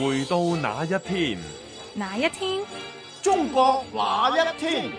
回到那一天，那一天，中國那一天。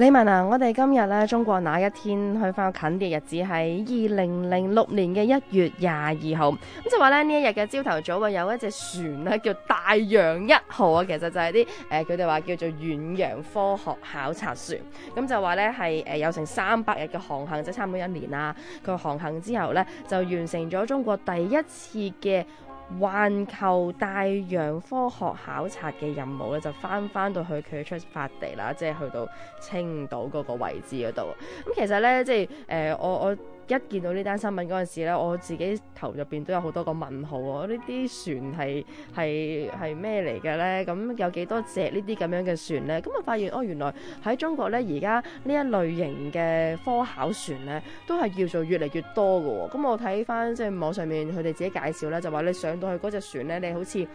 你問啊？我哋今日咧，中國那一天去翻近嘅日子係二零零六年嘅一月廿二號。咁就話咧，呢一日嘅朝頭早啊，有一隻船咧，叫大洋一號啊，其實就係啲佢哋話叫做遠洋科學考察船。咁就話咧，係有成三百日嘅航行，即係差唔多一年啦。佢航行之後咧，就完成咗中國第一次嘅。環球大洋科學考察嘅任務咧，就返返到去佢嘅出發地啦，即係去到青島嗰個位置嗰度。咁其實咧，即係誒我我。我一見到呢單新聞嗰陣時呢，我自己頭入面都有好多個問號喎。呢啲船係係係咩嚟嘅呢？咁有幾多隻呢啲咁樣嘅船呢？咁我發現哦，原來喺中國呢，而家呢一類型嘅科考船呢，都係叫做越嚟越多喎、哦。咁我睇返即係網上面佢哋自己介紹呢，就話你上到去嗰隻船呢，你好似～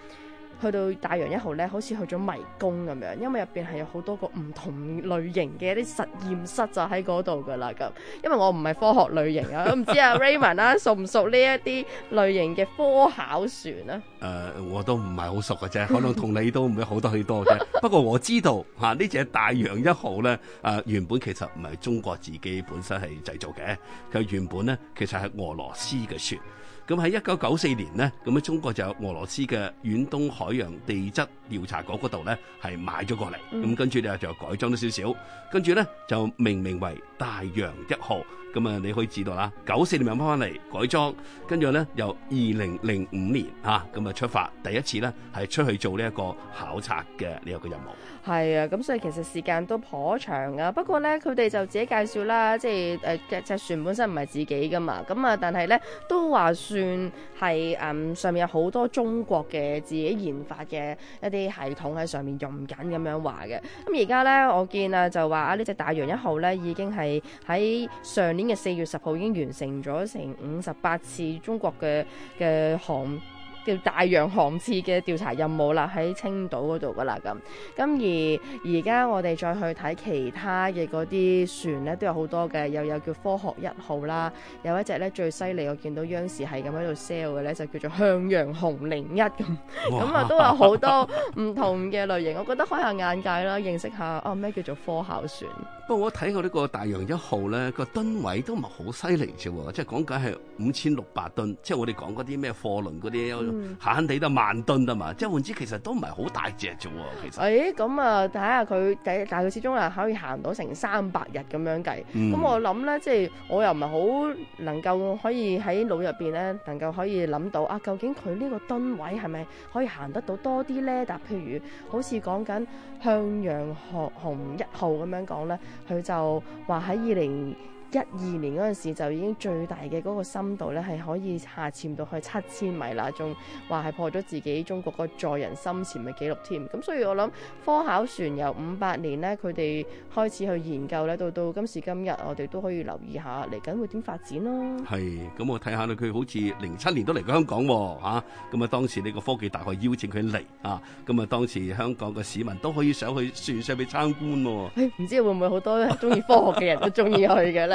去到大洋一號咧，好似去咗迷宮咁樣，因為入面係有好多個唔同類型嘅一啲實驗室就喺嗰度噶啦咁。因為我唔係科學類型 知啊，都唔知阿 Raymond 啦，熟唔熟呢一啲類型嘅科考船呢？誒、呃，我都唔係好熟嘅啫，可能同你都唔會好得去多嘅。 不過我知道呢隻、啊、大洋一號咧、啊，原本其實唔係中國自己本身係製造嘅，佢原本咧其實係俄羅斯嘅船。咁喺一九九四年呢，咁啊中國就有俄羅斯嘅遠東海洋地質調查局嗰度咧係買咗過嚟，咁、嗯、跟住咧就改裝咗少少，跟住咧就命名，名為大洋一號，咁啊，你可以知道啦，九四年買翻嚟改裝，跟住咧由二零零五年吓，咁啊出發第一次咧係出去做呢一個考察嘅呢個嘅任務，係啊，咁所以其實時間都頗長啊。不過咧佢哋就自己介紹啦，即係，誒隻船本身唔係自己噶嘛，咁啊但係咧都話。算係，嗯，上面有好多中國嘅自己研發嘅一啲系統喺上面用緊咁樣話嘅，咁而家呢，我見啊就話啊呢隻大洋一號呢已經係喺上年嘅四月十號已經完成咗成五十八次中國嘅嘅航，叫大洋航次嘅調查任務啦，喺青島嗰度噶啦咁。咁而而家我哋再去睇其他嘅嗰啲船咧，都有好多嘅，又有，有叫科學一號啦，有一隻咧最犀利我見到央視係咁喺度 sell 嘅咧，就叫做向陽紅零一咁。咁啊、 嗯、都有好多唔同嘅類型， 我覺得開下眼界啦，認識一下啊咩叫做科考船。不過我睇過呢個大洋一號咧，個噸位都唔係好犀利啫喎，即係講緊係五千六百噸，即、就、係、是、我哋講嗰啲咩貨輪嗰啲。閒閒哋得萬噸啊嘛，即係換之其實都唔係好大隻啫喎，其實。誒、欸，咁啊，睇下佢，但係佢始終啊可以行到成三百日咁樣計，咁、嗯、我諗咧，即、就、係、是、我又唔係好能夠可以喺腦入邊咧，能夠可以諗到啊，究竟佢呢個噸位係咪可以行得到多啲咧？但譬如好似講緊向陽紅紅一號咁樣講咧，佢就話喺二零一二年嗰陣時就已經最大嘅嗰個深度咧，係可以下潛到去七千米啦，仲話係破咗自己中國個載人深潛嘅記錄添。咁所以我諗科考船由五八年咧，佢哋開始去研究咧，到到今時今日，我哋都可以留意下嚟緊會點發展咯。係咁，我睇下佢好似零七年都嚟過香港喎嚇咁啊，啊當時呢個科技大學邀請佢嚟啊，咁啊，當時香港嘅市民都可以上去船上去參觀喎、啊。唔、哎、知會唔會好多中意科學嘅人都中意去嘅咧？